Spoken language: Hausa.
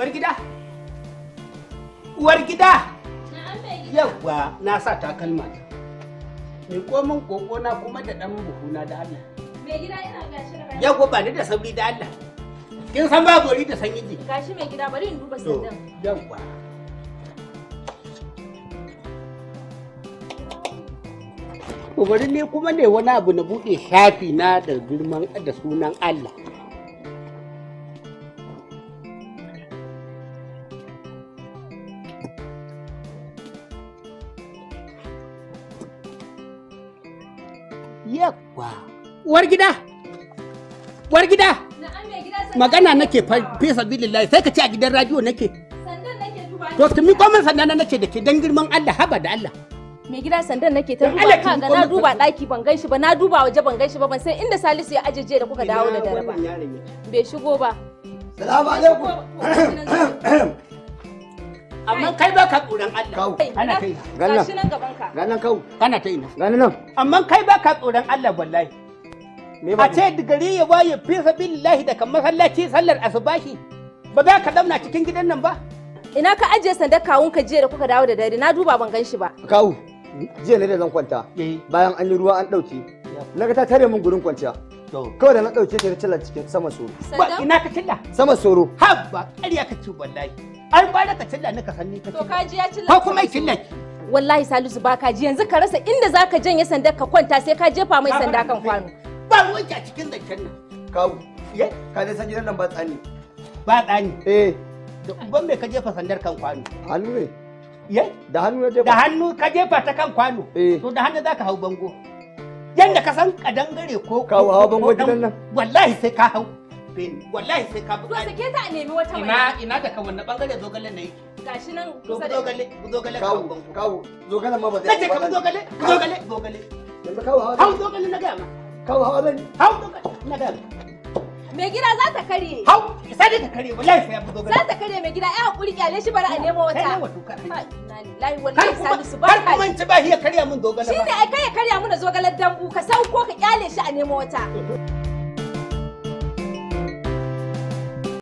Uwargida? Uwargida? uwar gida yawwa na sa takalma ta mai komin koko na kuma da dan buhuna da Allah mai gida ina gashi yawwa ba ni da sauri da Allah kin san ba gori da sanyi ji gashi mai gida bari in duba sandan yawwa Bari ne kuma ne wani abu na buɗe shafi na da girman da sunan Allah. Yawwa. Uwar gida. Uwar gida. Magana nake fesa billahi sai ka ce a gidan radio nake. To ki mi komai sandan nake da ke dan girman Allah haba da Allah. Mai gida sandan nake ta duba ka ga na duba daki ban ganshi ba na duba waje ban ganshi ba ban san inda Salisu ya ajeje da kuka dawo da dare ba. Bai shigo ba. Salamu alaikum. tsoron Allah. Kawo, ana kai. Ganan. Gashi nan gaban ka. Ganan Kana ta ina. Ganan nan. Amma kai ba ka tsoron Allah wallahi. A ce gari ya waye fi sabilillahi da kan masallaci sallar asubahi. Ba za ka zauna cikin gidan nan ba. Ina ka ajiye sandar kawun ka jiya da kuka dawo da dare na duba ban gan shi ba. Kawo, jiya ne da zan kwanta. Eh. Bayan an yi ruwa an ɗauke. Na ga ta tare min gurin kwanciya. kawai da na ɗauke ta cilla cikin sama soro. Ba ina ka cilla? Sama soro. ba ƙarya ka ci wallahi. ai gwara ka cilla ni ka sanni ka to kaji ya cilla ko kuma cilla wallahi salisu ba kaji yanzu ka rasa inda zaka janye sandar ka kwanta sai ka jefa mai sanda kan kwano ba ki a cikin zancen nan kawo ye ka dai san gidan nan ba tsani ba tsani eh da uban mai ka jefa sandar kan kwano hannu ne ye da hannu da hannu ka jefa ta kan kwano eh. to da hannu zaka hau bango yanda ka san kadangare ko kawo hawa bango gidan nan wallahi sai ka hau karbe wallahi sai ka buƙaci. To ta nemi wata mai. Ina ina da kawun na bangare zogale na yi. Gashi nan kusa da zogale zogale kawo kawo zogale ma ba zai. Kace kawo zogale zogale zogale. Yanzu kawo hawa. zogale na gaya ma. Kawo hawa zan. zogale na gaya Mai gida za ta kare. Hau, sai ta kare, wallahi sai ya Za ta kare mai gida, ai hakuri kyale shi bari a nemo wata. Kai ne wato ci ba hiya karya mun dogala ba. Shi ne ai kai ya karya mun dambu, ka sauko ka kyale shi a nemo wata.